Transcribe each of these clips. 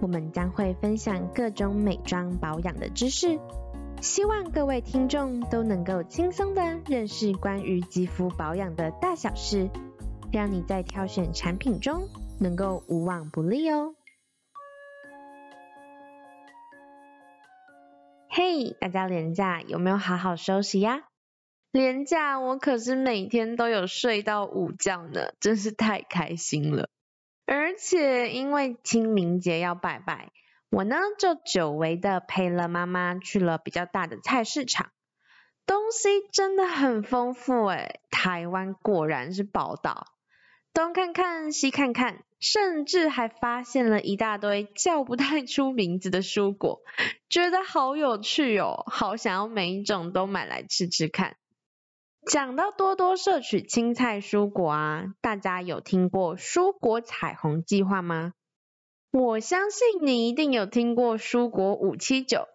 我們將會分享各種美妝保養的知識，希望各位聽眾都能夠輕鬆的認識關於肌膚保養的大小事，讓你在挑選產品中能夠無往不利哦。嘿、hey，大家連假有沒有好好休息呀？連假我可是每天都有睡到午覺呢，真是太開心了。而且因為清明節要拜拜，我呢就久違的陪了媽媽去了比較大的菜市場，東西真的很豐富誒，台灣果然是寶島，東看看西看看，甚至還發現了一大堆叫不太出名字的蔬果，覺得好有趣哦，好想要每一種都買來吃吃看。講到多多攝取青菜蔬果啊，大家有聽過蔬果彩虹計劃嗎？我相信你一定有聽過蔬果五七九，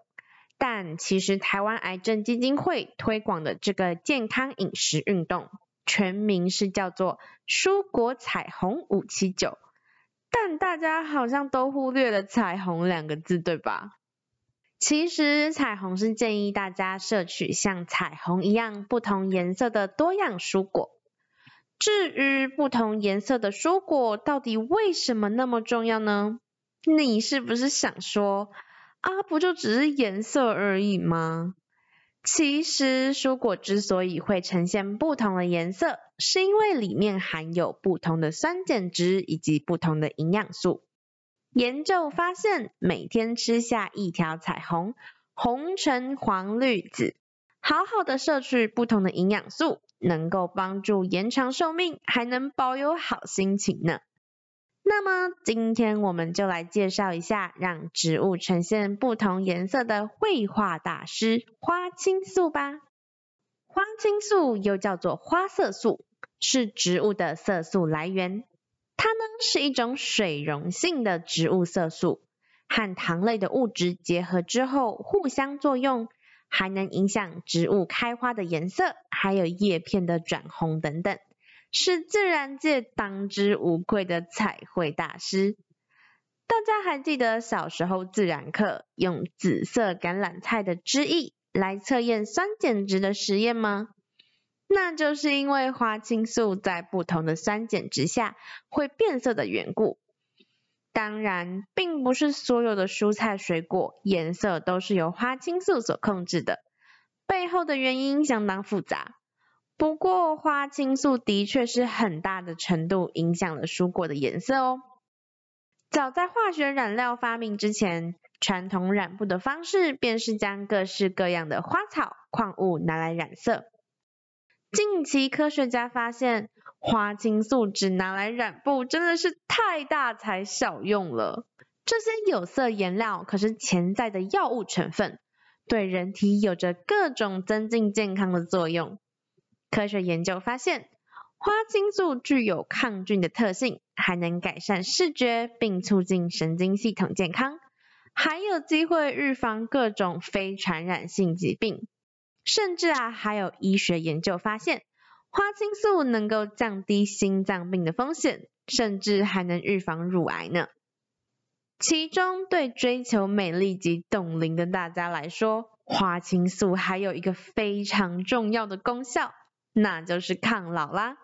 但其實台灣癌症基金會推廣的這個健康飲食運動，全名是叫做蔬果彩虹五七九，但大家好像都忽略了彩虹兩個字，對吧？其實彩虹是建議大家攝取像彩虹一樣不同顏色的多樣蔬果。至於不同顏色的蔬果到底為什麼那麼重要呢？你是不是想說，啊不就只是顏色而已嗎？其實蔬果之所以會呈現不同的顏色，是因為裡面含有不同的酸鹼值以及不同的營養素。研究發現，每天吃下一條彩虹，紅、橙、黃、綠、紫，好好的攝取不同的營養素，能夠幫助延長壽命，還能保有好心情呢。那麼今天我們就來介紹一下，讓植物呈現不同顏色的彩繪大師——花青素吧。花青素又叫做花色素，是植物的色素來源。它呢，是一種水溶性的植物色素，和糖類的物質結合之後互相作用，還能影響植物開花的顏色，還有葉片的轉紅等等，是自然界當之無愧的彩繪大師。大家還記得小時候自然課用紫色甘藍菜的汁液來測驗酸鹼值的實驗嗎？那就是因為花青素在不同的酸鹼值下會變色的緣故。當然，並不是所有的蔬菜水果顏色都是由花青素所控制的，背後的原因相當複雜。不過，花青素的確是很大的程度影響了蔬果的顏色哦。早在化學染料發明之前，傳統染布的方式便是將各式各樣的花草、礦物拿來染色。近期科學家發現，花青素只拿來染布真的是太大材小用了。這些有色顏料可是潛在的藥物成分，對人體有着各種增進健康的作用。科學研究發現，花青素具有抗菌的特性，還能改善視覺並促進神經系統健康，還有機會預防各種非傳染性疾病。甚至啊，還有醫學研究發現，花青素能夠降低心臟病的風險，甚至還能預防乳癌呢。其中對追求美麗及凍齡的大家來說，花青素還有一個非常重要的功效，那就是抗老啦。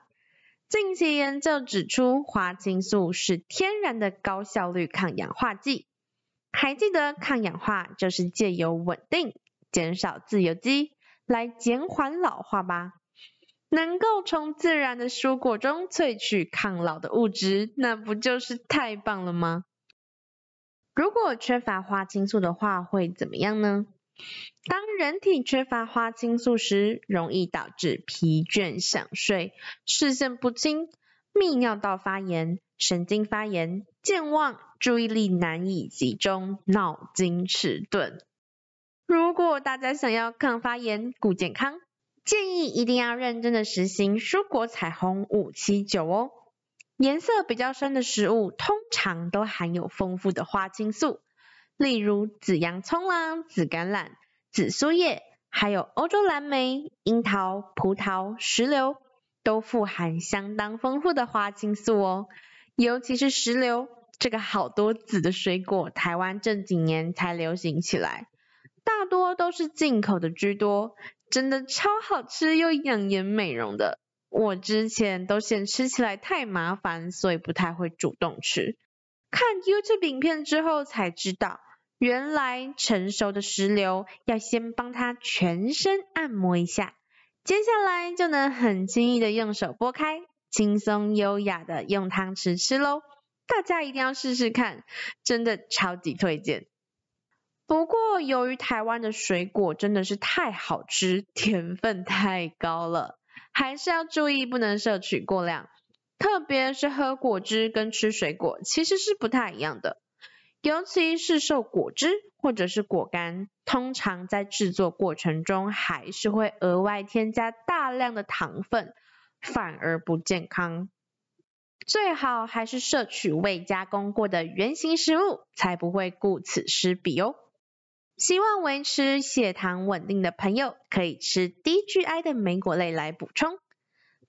近期研究指出，花青素是天然的高效率抗氧化劑。還記得抗氧化就是借由穩定、減少自由基。來減緩老化吧！能夠從自然的蔬果中萃取抗老的物質，那不就是太棒了嗎？如果缺乏花青素的話，會怎麼樣呢？當人體缺乏花青素時，容易導致疲倦、想睡、視線不清、泌尿道發炎、神經發炎、健忘、注意力難以集中、腦筋遲鈍。如果大家想要抗發炎、顧健康，建議一定要認真的實行蔬果彩虹五七九哦。顏色比較深的食物，通常都含有豐富的花青素，例如紫洋蔥啦、啊、紫橄欖、紫蘇葉，還有歐洲藍莓、櫻桃、葡萄、石榴，都富含相當豐富的花青素哦。尤其是石榴，這個好多籽的水果，台灣這幾年才流行起來。多都是進口的居多，真的超好吃又養顏美容的。我之前都嫌吃起來太麻煩，所以不太會主動吃。看 YouTube 影片之後才知道，原來成熟的石榴要先幫它全身按摩一下，接下來就能很輕易的用手剝開，輕鬆優雅的用湯匙吃嘍。大家一定要試試看，真的超級推薦。不過，由於台灣的水果真的是太好吃，甜分太高了，還是要注意不能攝取過量。特別是喝果汁跟吃水果其實是不太一樣的，尤其是市售果汁或者是果乾，通常在製作過程中還是會額外添加大量的糖分，反而不健康。最好還是攝取未加工過的原型食物，才不會顧此失彼哦。希望維持血糖穩定的朋友，可以吃低 GI 的莓果類來補充。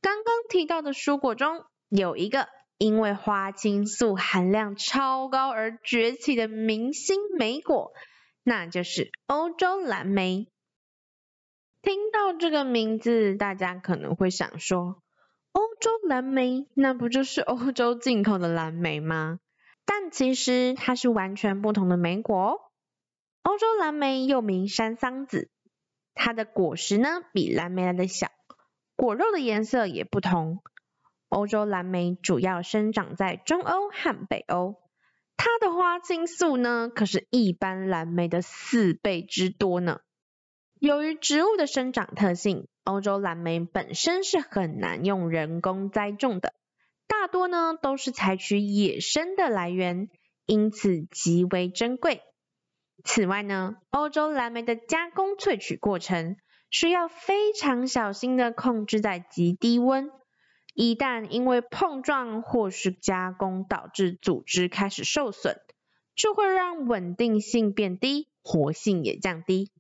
剛剛提到的蔬果中，有一個因為花青素含量超高而崛起的明星莓果，那就是歐洲藍莓。聽到這個名字，大家可能會想說，歐洲藍莓，那不就是歐洲進口的藍莓嗎？但其實它是完全不同的莓果哦。歐洲藍莓又名山桑子，它的果實呢比藍莓來的小，果肉的顏色也不同。歐洲藍莓主要生長在中歐和北歐，它的花青素呢可是一般藍莓的四倍之多呢。由於植物的生長特性，歐洲藍莓本身是很難用人工栽種的，大多呢都是採取野生的來源，因此極為珍貴。此外呢，歐洲藍莓的加工萃取過程需要非常小心的控制在極低溫，一旦因為碰撞或是加工導致組織開始受損，就會讓穩定性變低，活性也降低。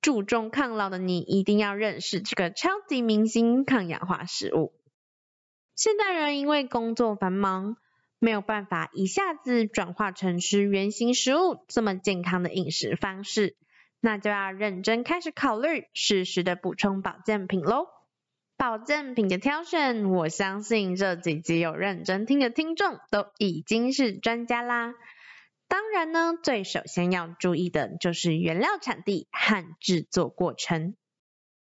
注重抗老的你一定要認識這個超級明星抗氧化食物。現代人因為工作繁忙，沒有辦法一下子轉化成吃原型食物這麼健康的飲食方式，那就要認真開始考慮適時的補充保健品嘍。保健品的挑選，我相信這幾集有認真聽的聽眾都已經是專家啦。當然呢，最首先要注意的就是原料產地和製作過程。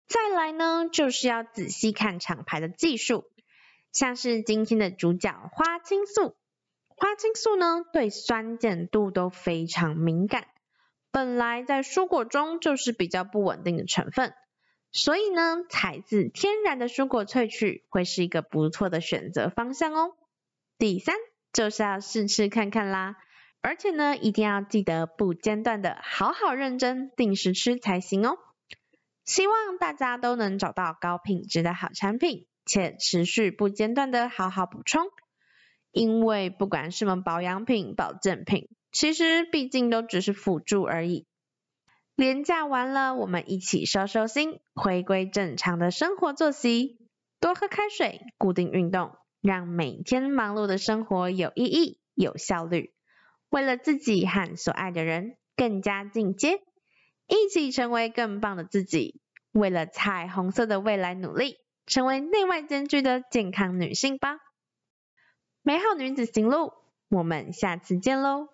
再來呢，就是要仔細看廠牌的技術。像是今天的主角花青素，花青素呢對酸鹼度都非常敏感，本來在蔬果中就是比較不穩定的成分，所以呢採自天然的蔬果萃取會是一個不錯的選擇方向哦。第三就是要試吃看看啦，而且呢一定要記得不間斷的好好認真定時吃才行哦。希望大家都能找到高品質的好產品。且持續不間斷的好好補充，因為不管什麼保養品、保健品，其實畢竟都只是輔助而已。連假完了，我們一起收收心，回歸正常的生活作息，多喝開水，固定運動，讓每天忙碌的生活有意義、有效率。為了自己和所愛的人更加進階，一起成為更棒的自己，為了彩虹色的未來努力。成為內外兼具的健康女性吧！美好女子行路，我們下次見嘍！